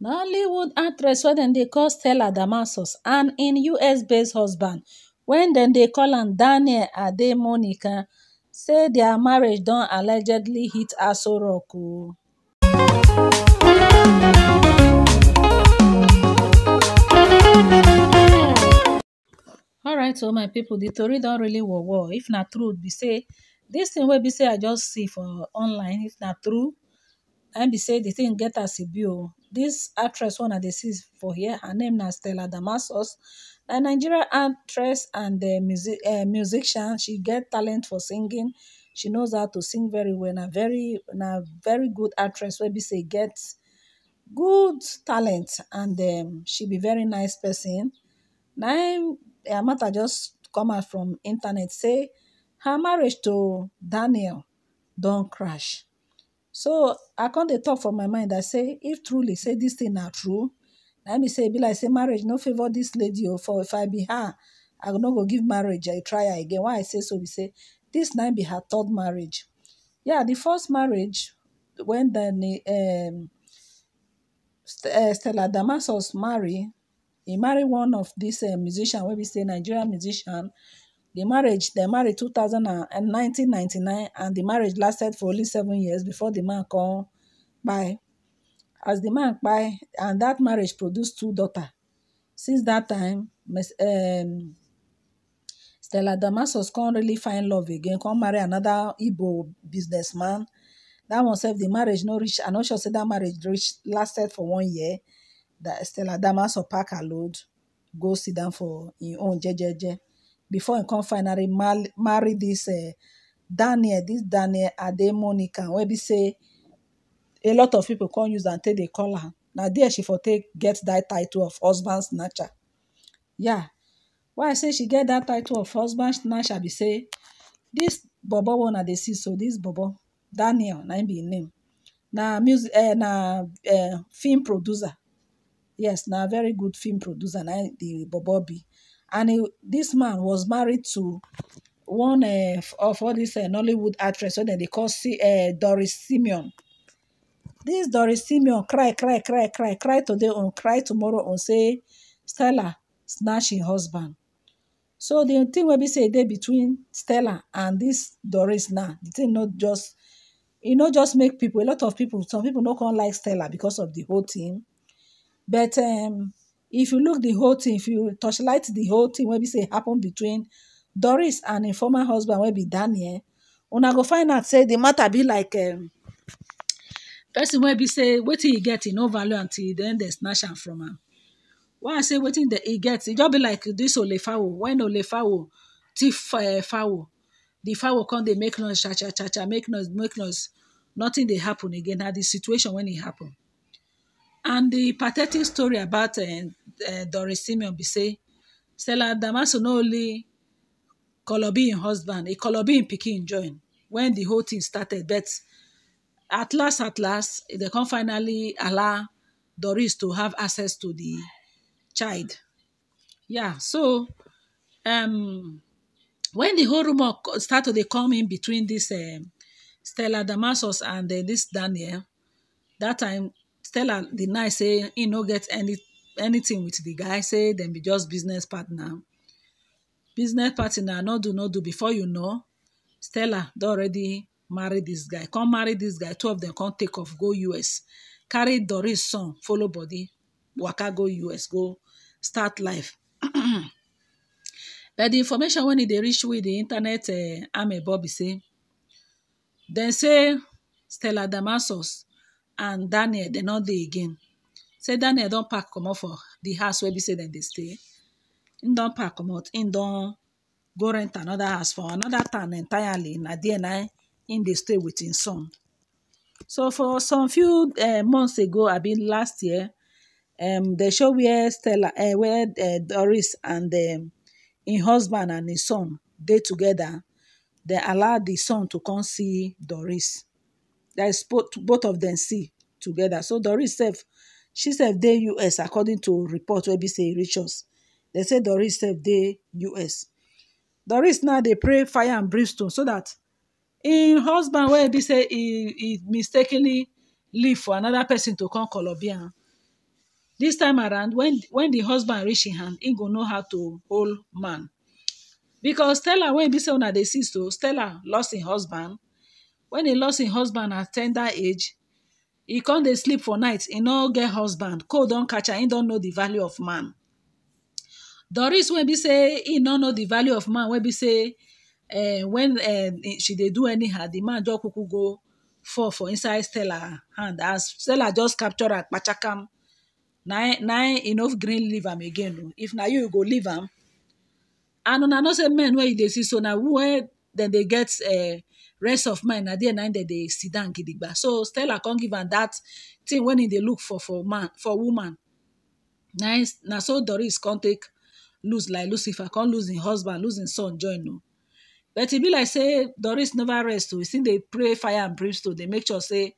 na hollywood actress wey dem dey call stella damasus and im us-based husband wey dem dey call am daniel ademonika say dia marriage don allegedly hit aso rock o. Oh. alright so oh, my pipo di tori don really worwor if na true be say dis tin wey be say i just see for online if na true na be say di tin get as e be o oh. dis actress wey i dey see for here her name na stella damasos na nigerian actress and uh, uh, musician she get talent for singing she knows how to sing very well na very na very good actress wey be say get good talent and um, she be very nice person na im matter just out from internet say her marriage to daniel don crash. so i can't talk for my mind i say if truly say this thing are true let me say be like say marriage no favour this lady o oh, for if i be her i not go give marriage i try her again why i say so We say this now be her third marriage yeah the first marriage wen um, um, stella damasus marry he marry one of this um, musician wey be say nigerian musician the marriage, they married 2000 and, 1999 and the marriage lasted for only seven years before the man come by. As the man by, and that marriage produced two daughters. Since that time, Miss um, Stella Damaso's can't really find love again, can't marry another Igbo businessman. That one said the marriage no rich. I'm not sure that marriage rich lasted for one year. That Stella Damasos pack her load, go sit down for your own jejeje. before he come finally marry dis eh, daniel this daniel ademonika wey We say a lot of people can't use until they call am Now there she for take gets that title of husband snatcher yeah why i say she get that title of husband snatcher be say this bobo one i dey see so dis bobo daniel na im be im name na music eh, na eh, film producer yes now very good film producer Now the bobo be and he, this man was married to one uh, of all these uh, Nollywood actress So they call C, uh, eh, Doris Simeon. This Doris Simeon cry, cry, cry, cry, cry today on, cry tomorrow on, say Stella snatching husband. So the thing wey be say e dey between Stella and this Doris now, the thing not just, you e know just make people, a lot of people, some people no come like Stella because of the whole thing. But um, if you look the whole thing if you torchlight the whole thing wey be say e happen between doris and im former husband wey be daniel una go find out say the matter be like um, person wey be say wetin He get e no value until then dem snatch am from am I say wetin he get e just be like this dis olefawo wen olefawo thief uh, eh, fowl the fowl come dey make noise cha cha cha cha make noise make noise nothing dey happen again na the situation when e happen And the pathetic story about uh, uh, Doris Simeon be say, Stella Damaso not only Colobi husband, a Colobi picking join when the whole thing started. But at last, at last, they can finally allow Doris to have access to the child. Yeah, so um, when the whole rumor started to come in between this um, Stella Damasus and uh, this Daniel, that time stella deny say he no get any anything with the guy say dem be just business partner business partner no do no do before you know stella don already marry this guy come marry this guy two of them come take off go us carry doris son follow body waka go us go start life but the information wey e dey reach with the internet eh, amebo be say dem say stella damasus and daniel dem no dey again say daniel don pack comot for di house wey be say dem dey stay im don pack comot im don go rent another house for another town entirely na there na im dey stay with im son so for some few eh, months ago i bin last year um, dem show where stella eh, wia eh, doris and im husband and im son dey together, dem allow di son to come see doris both of dem see together so doris sef she sef dey us according to report wey be say e reach us dem say doris sef dey us doris now dey pray fire and brimstone so that im husband wey be say e mistakenly leave for another person to come colombia this time around when when the husband reach him hand he go know how to hold man because stella wey be say una dey see so stella lost him husband when he lost him husband at tender age can't dey sleep for night e no get husband cold not catch He don't know the value of man doris when be say e no know the value of man when be say eh, when eh, she they do anyhow the man just could go fall for inside stella hand as stella just capture her pachakam nine nine enough green leave am again oh. if now you go leave him, and una know say men where they see so now where eh, then they get uh, rest of mind at the end that they sit down gidigba so stella can't give am that thing when they look for for man for woman nice now so doris can't take lose like lucifer can't lose in husband losing son join no but e be like say doris never rest o oh. e still they pray fire and brimstone they make sure say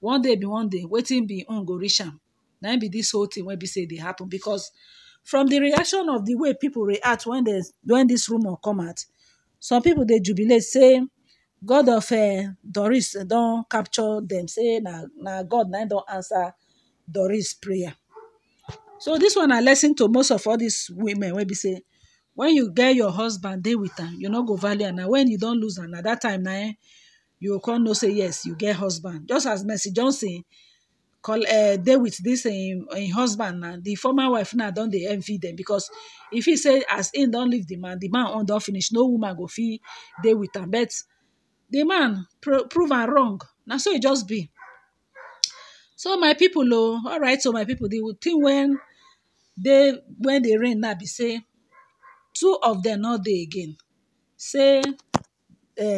one day be one day waiting be on gorisham. Now be this whole thing wey be say they happen because from the reaction of the way people react when when this rumour come out some people they jubilate say god of eh, doris don capture them say na god do don answer doris prayer so this one I lesson to most of all these women wey be say when you get your husband they with her you no go value now. When you you don lose am na that time na you can no know say yes you get husband just as mercy johnson Call eh, dey with this dis eh, im eh, husband na the former wife now don dey envy them because e feel say as im don leave the man the man own don finish no woman go fit dey with am but the man prove am wrong na so e just be so my people o oh, alright so my pipo di tin wen dey reign now be say two of them no dey again say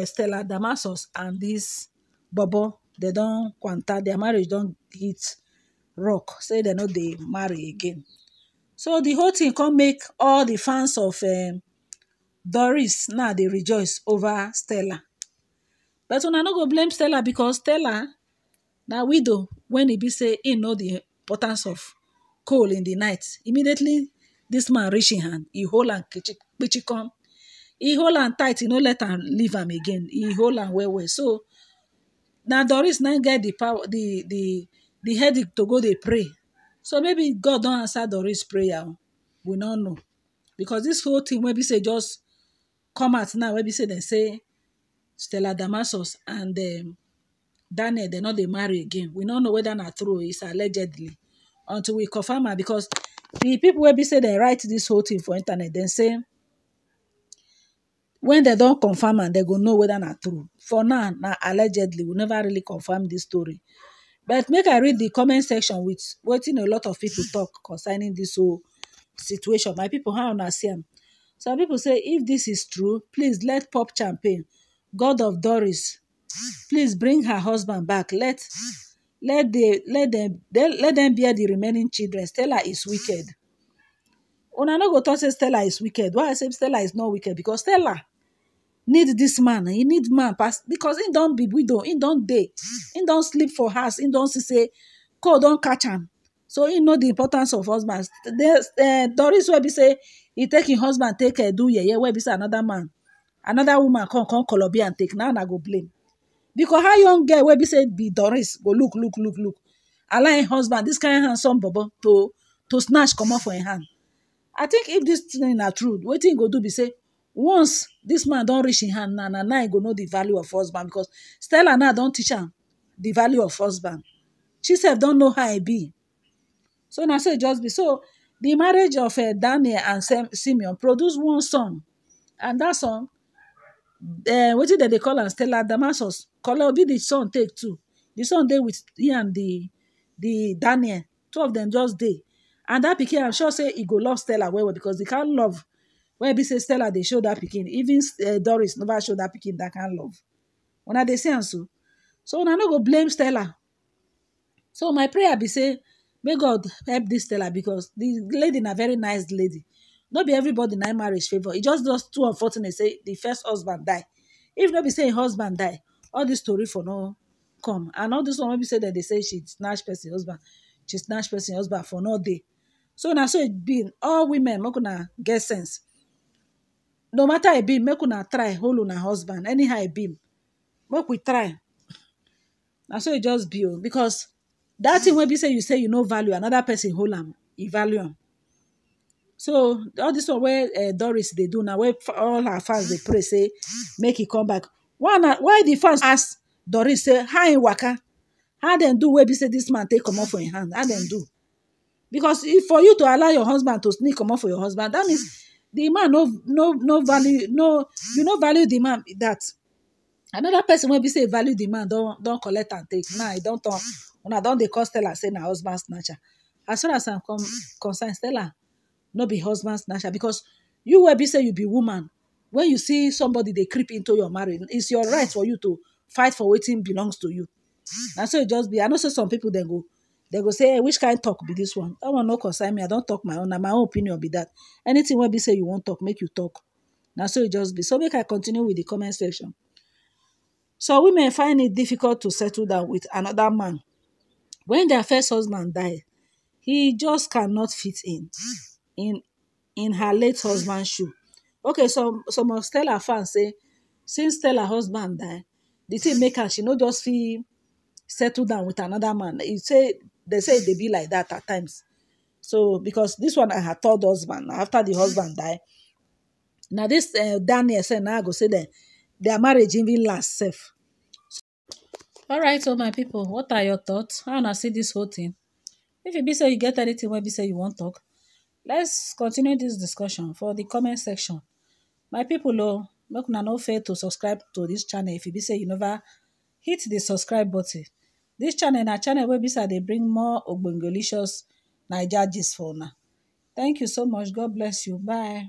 stella damasus and this bobo dem don kwanta, their marriage don hit rock say dem no dey marry again. So di whole tin come make all di fans of um Doris now dey rejoice over Stella. But una no go blame Stella because Stella na widow wen e be say im e know di importance of coal in di night. Immediately dis man reach im hand, e hold am kpichikon. E hold am tight, e no let am leave am again. E hold am well well. So na doris na get the power the the the headache to go dey pray so maybe god don answer doris prayer we no know because this whole thing wey be say just come out now wey be say dem say stella damasus and um, daniel dem no dey marry again we no know whether na true it's allegedly until we confirm am because the people wey be say dem write this whole thing for internet dem say when they don't confirm and they go know whether not true for now now allegedly we never really confirm this story but make i read the comment section with wetin a lot of people talk concerning this whole situation my people, how on see some people say if this is true please let pop champagne god of doris please bring her husband back let let them bear the remaining children stella is wicked I no go talk say stella is wicked why i say stella is not wicked because stella need this man He need man pass because he don be widow He don dey He don sleep for house He don see say cold don catch am so he know the importance of husband doris eh, wey be say he take him husband take do yeye wey be say another man another woman come come colobi and take now na go blame because how young girl wey be say be doris go look look look look allow him husband this kind handsome bobo to to snatch comot for him hand i think if this thing na true wetin go do be say once this man don't reach in hand na na he go know the value of husband because stella now not teach him the value of husband she don't know how I be so na say just be so the marriage of eh, daniel and simeon produce one son and that son eh, wetin dem they call am stella damasus color be the son take two The son day with he and the daniel two of them just day. and that pikin i'm sure say he go love stella well because because can't love where be say stella dey show that pikin even uh, doris never show that pikin that kind love una dey see am so so una no go blame stella so my prayer be say may god help this stella because the lady na very nice lady no be everybody na marriage favour e just just too unfortunate say the first husband die if no be say husband die all this story for no come and all this one wey be say dem dey say she snatch person husband she snatch person husband for no day so na so it be all women make una get sense no matter I be make una try hold a husband anyhow e be make we try na so you just be oh. because that thing wey be say you say you no value another person hold am you value him. so all this one wey eh, doris they do na where all her fans they pray say make it come back why not? Why the fans ask doris say how in waka how dem do where be say this man take off for your hand how dem do because if for you to allow your husband to sneak off for your husband that means the man no no no value no you no value the man that another person will be say value the man don't collect and take now e don turn una don dey call stella say na husband snatcher as soon as i'm com concerned stella no be husband snatcher because you will be say you be woman when you see somebody they creep into your marriage it's your right for you to fight for waiting belongs to you and so just be i know say some people then go they go say eh, which kind talk be this one that one no concern me i don't talk my own na my own opinion be that anything wey be say you won't talk make you talk Now so you just be so make i continue with the comment section so women find it difficult to settle down with another man when their first husband die he just cannot fit in in in her late husband shoe okay some some of stella fans say since her husband die di thing make her she not just fit settle down with another man You say they say they be like that at times so because this one na her third husband after the husband die na this eh, daniel say na i go say dem their marriage even last sef right, so my people, what are your thoughts how una see this whole thing if e be say you get anything wey be say you wan talk let's continue this discussion for the comment section my people, oh make una no fail to subscribe to this channel if e be say you never hit the subscribe button This channel na channel wey be dey bring more ogbongelicious Naija gist for una. Thank you so much. God bless you. Bye.